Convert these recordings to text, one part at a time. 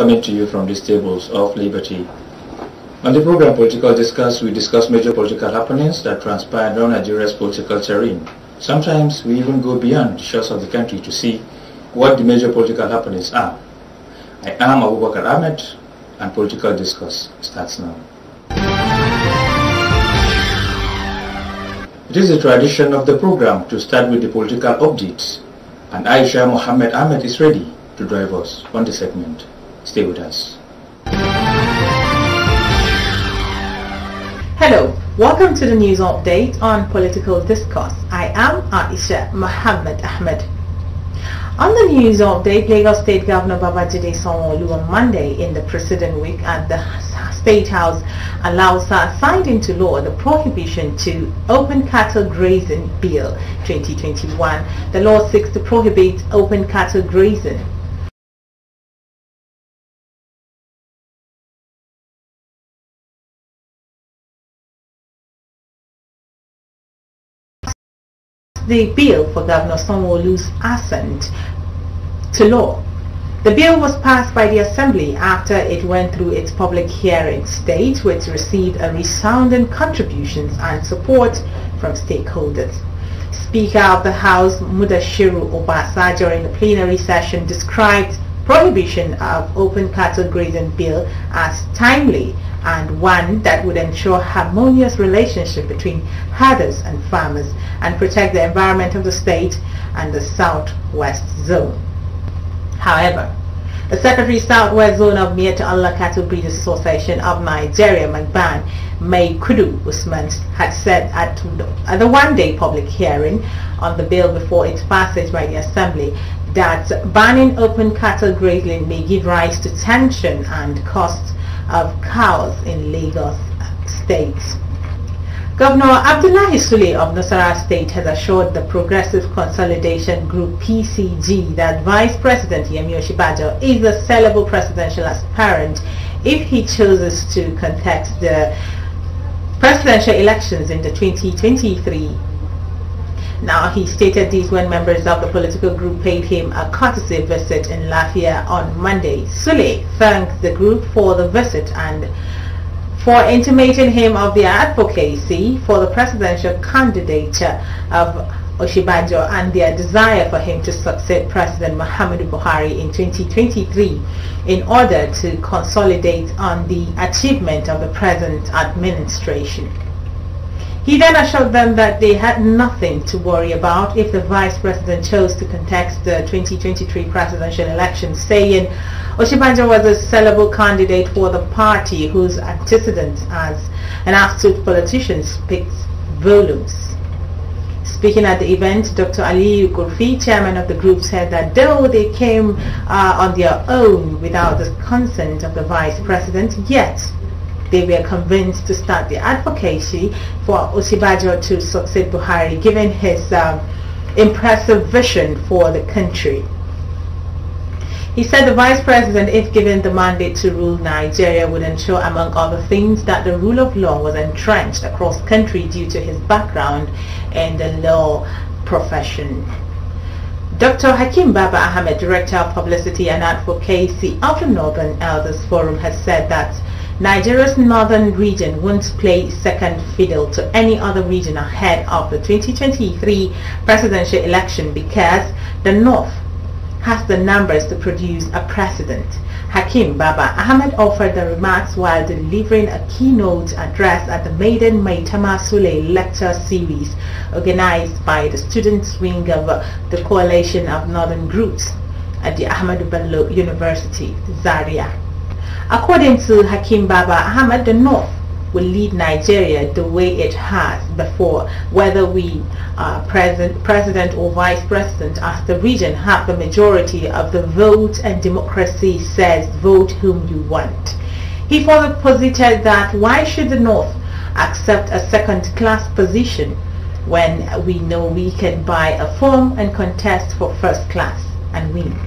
coming to you from these tables of liberty. On the program Political Discuss, we discuss major political happenings that transpire around Nigeria's political terrain. Sometimes we even go beyond the shores of the country to see what the major political happenings are. I am Abubakar Ahmed and Political Discuss starts now. It is a tradition of the program to start with the political updates and Aisha Mohammed Ahmed is ready to drive us on the segment. Stay with us. Hello, welcome to the news update on political discourse. I am Aisha Mohammed Ahmed. On the news update, Lagos State Governor Babajide Sanwo-Olu on Monday in the preceding week at the State House allows uh, signed into law the prohibition to open cattle grazing bill 2021. The law seeks to prohibit open cattle grazing the bill for Governor sanwo assent to law. The bill was passed by the Assembly after it went through its public hearing stage, which received a resounding contributions and support from stakeholders. Speaker of the House Mudashiru Obasa during the plenary session described prohibition of open cattle grazing bill as timely and one that would ensure harmonious relationship between herders and farmers and protect the environment of the state and the Southwest Zone. However, the Secretary Southwest Zone of Mieta Allah Cattle Breeders Association of Nigeria, McBan May Kudu Usman, had said at, at the one-day public hearing on the bill before its passage by the Assembly that banning open cattle grazing may give rise to tension and costs of cows in Lagos State. Governor Abdullahi Sule of Nasarawa State has assured the Progressive Consolidation Group PCG that Vice President Yemi Oshibajo is a sellable presidential aspirant if he chooses to contest the presidential elections in the 2023 now, he stated these when members of the political group paid him a courtesy visit in Lafayette on Monday. Sule thanked the group for the visit and for intimating him of their advocacy for the presidential candidature of Oshibanjo and their desire for him to succeed President Muhammadu Buhari in 2023 in order to consolidate on the achievement of the present administration. He then assured them that they had nothing to worry about if the vice president chose to contest the 2023 presidential election, saying Oshibanjo was a sellable candidate for the party whose antecedents as an astute politician speaks volumes. Speaking at the event, Dr. Ali Gurfi, chairman of the group, said that though they came uh, on their own without the consent of the vice president, yet they were convinced to start the advocacy for Osibajo to succeed Buhari given his um, impressive vision for the country. He said the vice president, if given the mandate to rule Nigeria, would ensure, among other things, that the rule of law was entrenched across country due to his background in the law profession. Dr. Hakim Baba Ahmed, Director of Publicity and Advocacy of the Northern Elders Forum, has said that Nigeria's northern region won't play second fiddle to any other region ahead of the 2023 presidential election because the north has the numbers to produce a president. Hakim Baba Ahmed offered the remarks while delivering a keynote address at the Maiden Maitama Sule lecture series organized by the students' wing of the Coalition of Northern Groups at the Ahmadu Bello University, Zaria. According to Hakim Baba, Ahmed, the North will lead Nigeria the way it has before, whether we are president, president or vice president as the region have the majority of the vote and democracy says vote whom you want. He further posited that why should the North accept a second-class position when we know we can buy a form and contest for first class and win.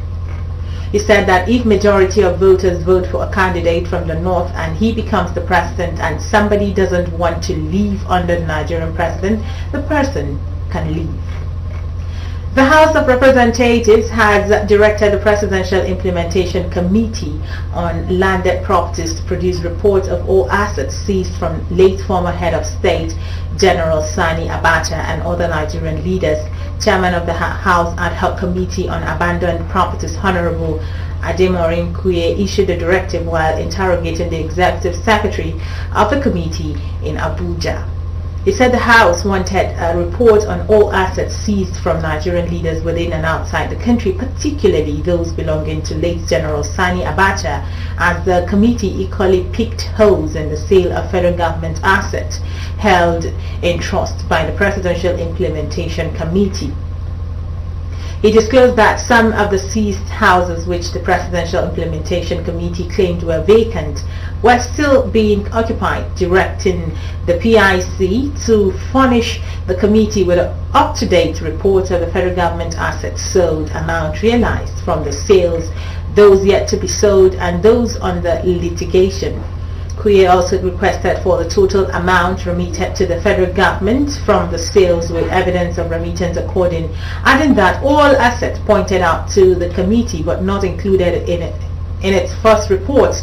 He said that if majority of voters vote for a candidate from the north and he becomes the president and somebody doesn't want to leave under the Nigerian president, the person can leave. The House of Representatives has directed the Presidential Implementation Committee on Landed Properties to produce reports of all assets seized from late former head of state General Sani Abacha and other Nigerian leaders. Chairman of the House Ad Hoc Committee on Abandoned Properties, Honorable Ademorin Kuye issued the directive while interrogating the Executive Secretary of the committee in Abuja. He said the House wanted a report on all assets seized from Nigerian leaders within and outside the country, particularly those belonging to late General Sani Abacha, as the committee equally picked holes in the sale of federal government assets held in trust by the Presidential Implementation Committee. He disclosed that some of the seized houses which the Presidential Implementation Committee claimed were vacant were still being occupied, directing the PIC to furnish the committee with an up-to-date report of the federal government assets sold, amount realized from the sales, those yet to be sold, and those under litigation. Kuye also requested for the total amount remitted to the federal government from the sales with evidence of remittance according, adding that all assets pointed out to the committee but not included in it in its first report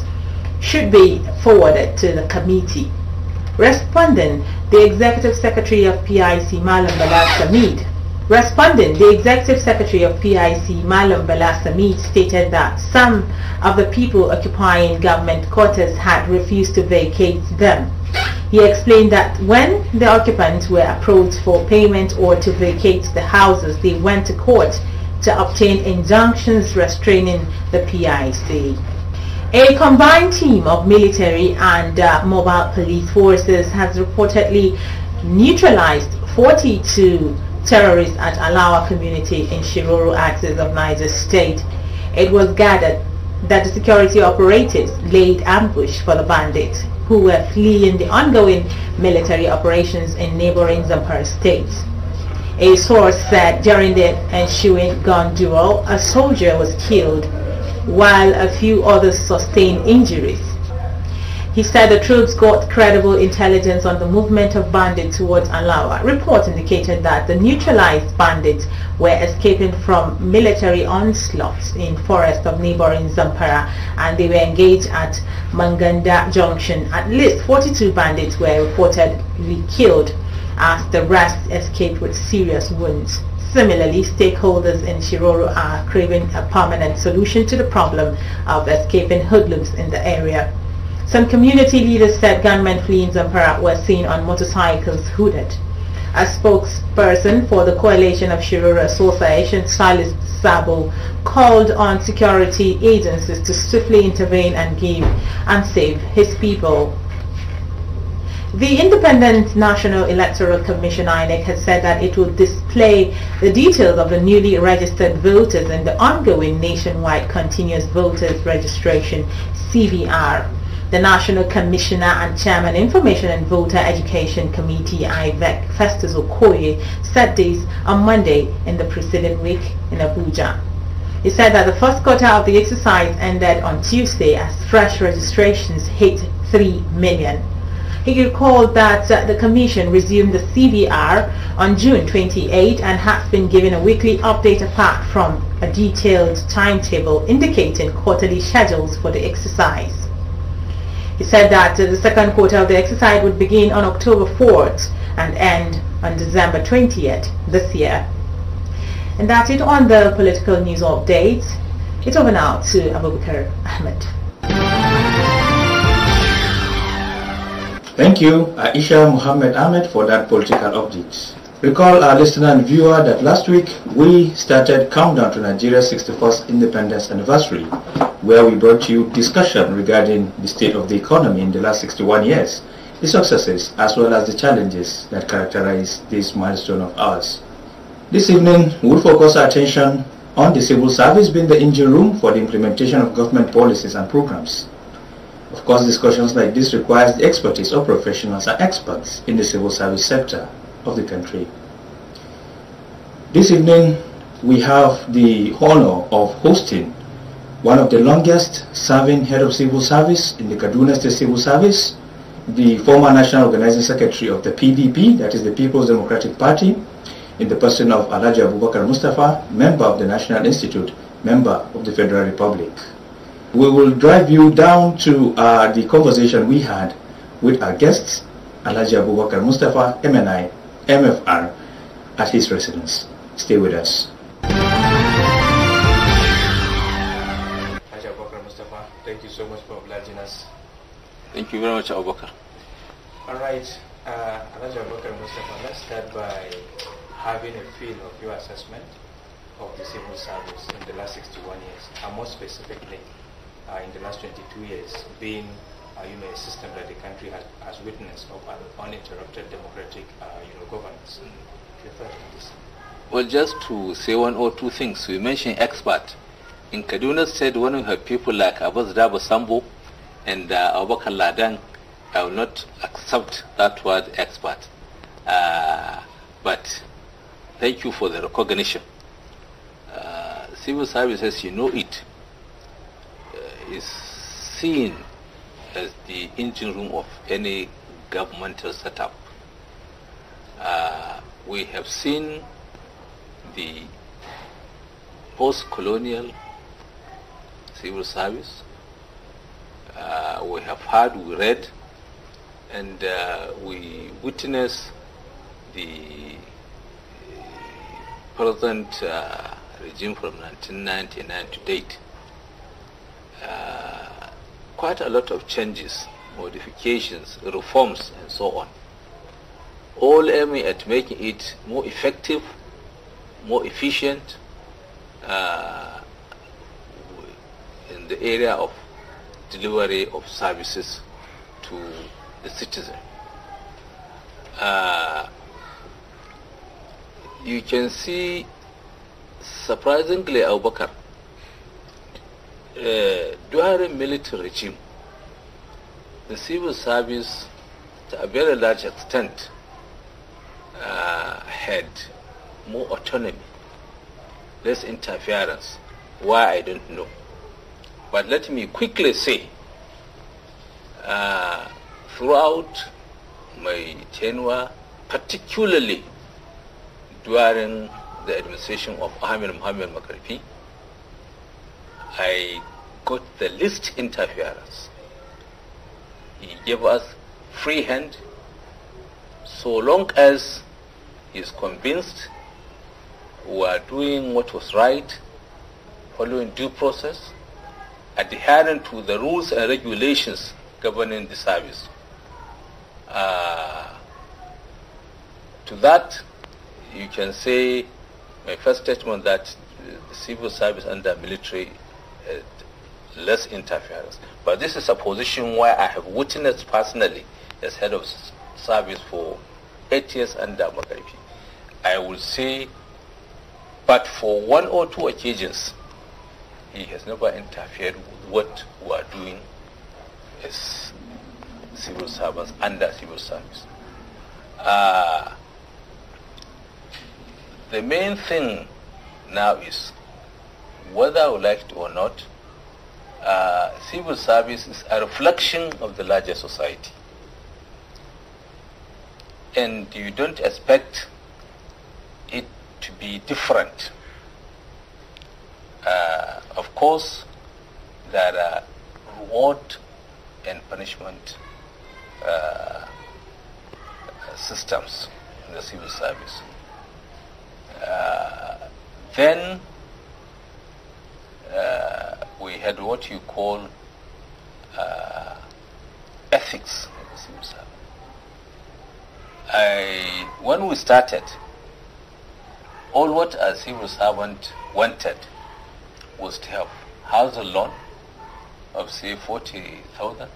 should be forwarded to the committee. Responding, the Executive Secretary of PIC, Malam Balal Samid, Responding, the Executive Secretary of PIC, Malam Bala stated that some of the people occupying government quarters had refused to vacate them. He explained that when the occupants were approached for payment or to vacate the houses, they went to court to obtain injunctions restraining the PIC. A combined team of military and uh, mobile police forces has reportedly neutralized 42 terrorists at Alawa community in Shiroro axis of Niger state. It was gathered that the security operatives laid ambush for the bandits who were fleeing the ongoing military operations in neighboring Zamfara state. A source said during the ensuing gun duel, a soldier was killed while a few others sustained injuries. He said the troops got credible intelligence on the movement of bandits towards Alawa. Reports indicated that the neutralized bandits were escaping from military onslaughts in forests of neighboring Zampara and they were engaged at Manganda Junction. At least 42 bandits were reportedly killed as the rest escaped with serious wounds. Similarly, stakeholders in Shiroro are craving a permanent solution to the problem of escaping hoodlums in the area. Some community leaders said gunmen fleeing Zamfara were seen on motorcycles hooded. A spokesperson for the Coalition of Shirura Association, Silas Sabo, called on security agencies to swiftly intervene and give and save his people. The Independent National Electoral Commission INEC has said that it will display the details of the newly registered voters in the ongoing nationwide continuous voters registration CVR the National Commissioner and Chairman Information and Voter Education Committee IVEC Festus Okoye said this on Monday in the preceding week in Abuja. He said that the first quarter of the exercise ended on Tuesday as fresh registrations hit 3 million. He recalled that uh, the Commission resumed the CVR on June 28 and has been given a weekly update apart from a detailed timetable indicating quarterly schedules for the exercise. He said that uh, the second quarter of the exercise would begin on October 4th and end on December 20th this year. And that's it on the political news update. It's over now to Abubakar Ahmed. Thank you, Aisha Muhammad Ahmed, for that political update. Recall our listener and viewer that last week we started Countdown to Nigeria's 61st Independence Anniversary, where we brought you discussion regarding the state of the economy in the last 61 years, the successes as well as the challenges that characterize this milestone of ours. This evening, we'll focus our attention on the civil service being the engine room for the implementation of government policies and programs. Of course, discussions like this requires the expertise of professionals and experts in the civil service sector of the country. This evening, we have the honor of hosting one of the longest serving head of civil service in the Kaduna State Civil Service, the former National Organizing Secretary of the PDP, that is the People's Democratic Party, in the person of Alhaji Abubakar Mustafa, member of the National Institute, member of the Federal Republic. We will drive you down to uh, the conversation we had with our guests, Alhaji Abubakar Mustafa, MNI, MFR at his residence. Stay with us. Mustafa, thank you so much for obliging us. Thank you very much, Abubakar. All right, uh, Abubakar Mustafa, let's start by having a feel of your assessment of the civil service in the last 61 years, and more specifically uh, in the last 22 years, being uh, you know, a system that the country has, has witnessed of an uninterrupted democratic uh, you know, governance. Mm. Well, just to say one or two things, we mentioned expert. In Kaduna said when we her people like Abbas Dabo Sambo and uh, Abubakar Ladang, I will not accept that word expert. Uh, but thank you for the recognition. Uh, civil services, you know it, uh, is seen as the engine room of any governmental setup. Uh, we have seen the post-colonial civil service. Uh, we have heard, we read, and uh, we witness the uh, present uh, regime from 1999 to date quite a lot of changes, modifications, reforms, and so on, all aiming at making it more effective, more efficient uh, in the area of delivery of services to the citizen. Uh, you can see surprisingly Abu Bakr uh, during military regime, the civil service, to a very large extent, uh, had more autonomy, less interference. Why, I don't know. But let me quickly say, uh, throughout my tenure, particularly during the administration of Ahmed Muhammad Makarfi, I got the least interference. He gave us free hand so long as he is convinced we are doing what was right, following due process, adhering to the rules and regulations governing the service. Uh, to that, you can say my first statement that the civil service under military uh, less interference. But this is a position where I have witnessed personally as head of service for eight years under I would say, but for one or two occasions, he has never interfered with what we are doing as civil servants under civil service. Uh, the main thing now is whether I like it or not, uh, civil service is a reflection of the larger society. And you don't expect it to be different. Uh, of course, there are reward and punishment uh, systems in the civil service. Uh, then uh, we had what you call uh, ethics. I, when we started, all what a civil servant wanted was to have house loan of say 40,000,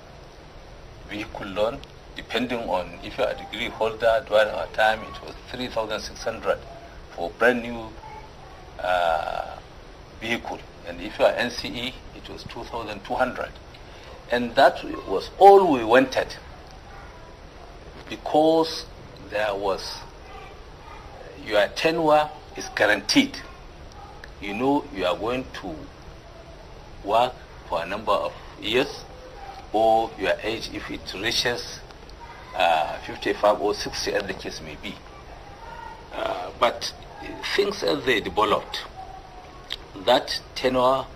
vehicle loan, depending on if you are a degree holder, during our time it was 3,600 for brand new uh, vehicle. And if you are NCE, it was 2,200. And that was all we wanted because there was uh, your tenure is guaranteed. You know you are going to work for a number of years or your age if it reaches uh, 55 or 60 as the case may be. Uh, but things as they developed, that tenure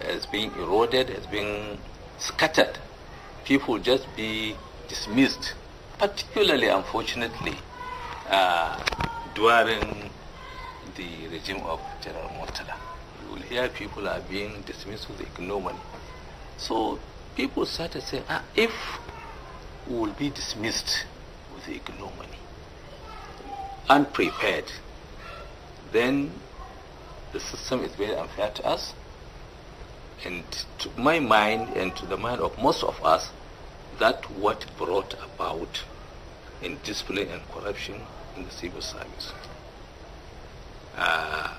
has been eroded, has been scattered. People just be dismissed, particularly, unfortunately, uh, during the regime of General Murtala. You will hear people are being dismissed with ignominy. So people started saying, ah, if we will be dismissed with ignominy, unprepared, then the system is very unfair to us. And to my mind and to the mind of most of us, that what brought about indiscipline and corruption in the civil service. Uh,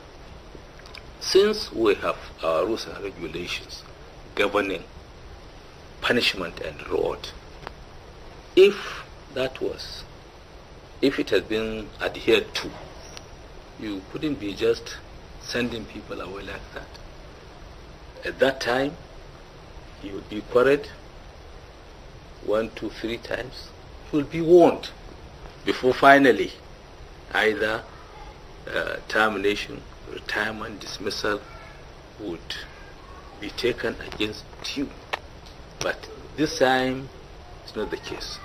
since we have our uh, rules and regulations governing punishment and reward, if that was, if it has been adhered to, you couldn't be just sending people away like that. At that time, you would be quarried one, two, three times. You will be warned before finally either uh, termination, retirement, dismissal would be taken against you. But this time, it's not the case.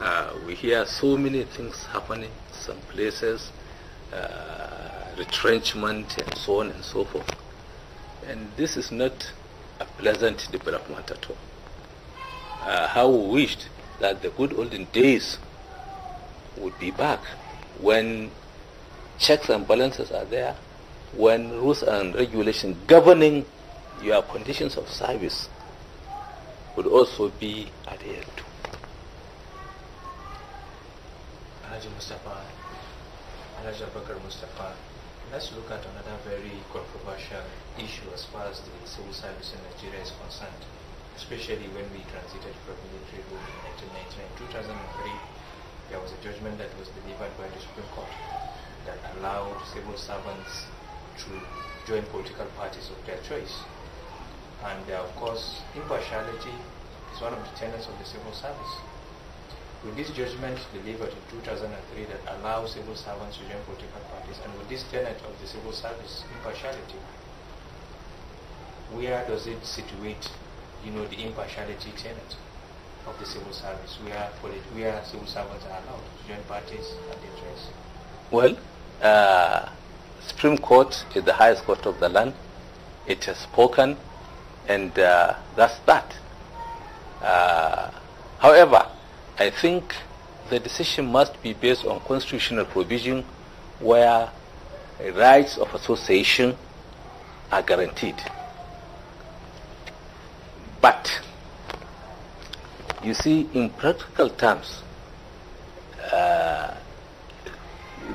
Uh, we hear so many things happening, some places. Uh, retrenchment and so on and so forth. And this is not a pleasant development at all. Uh, how we wished that the good olden days would be back when checks and balances are there, when rules and regulations governing your conditions of service would also be adhered to. Alhaji Mustapha, Let's look at another very controversial issue as far as the civil service in Nigeria is concerned, especially when we transited from military rule in 1999. 2003, there was a judgment that was delivered by the Supreme Court that allowed civil servants to join political parties of their choice. And uh, of course, impartiality is one of the tenets of the civil service. Will this judgment delivered in 2003 that allow civil servants to join political parties, and with this tenet of the civil service, impartiality, where does it situate, you know, the impartiality tenet of the civil service, where, polit- where civil servants are allowed to join parties and interests? Well, uh, Supreme Court is the highest court of the land. It has spoken, and uh, that's that. Uh, however, I think the decision must be based on constitutional provision where rights of association are guaranteed. But you see, in practical terms, uh,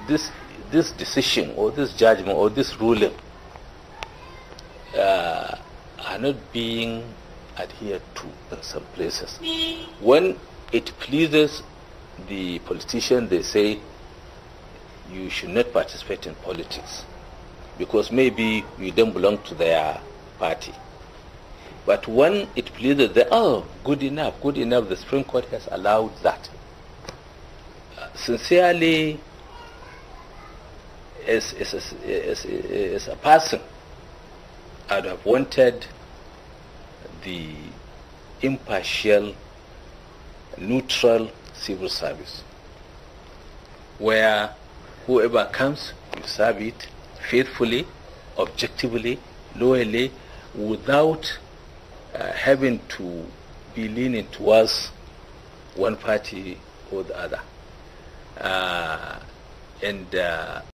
this this decision or this judgment or this ruling uh, are not being adhered to in some places. When it pleases the politician, they say you should not participate in politics because maybe you don't belong to their party. But when it pleases them, oh, good enough, good enough, the Supreme Court has allowed that. Uh, sincerely, as, as, as, as, a person, I'd have wanted the impartial neutral civil service where whoever comes, you serve it faithfully, objectively, loyally, without uh, having to be leaning towards one party or the other. Uh, and uh,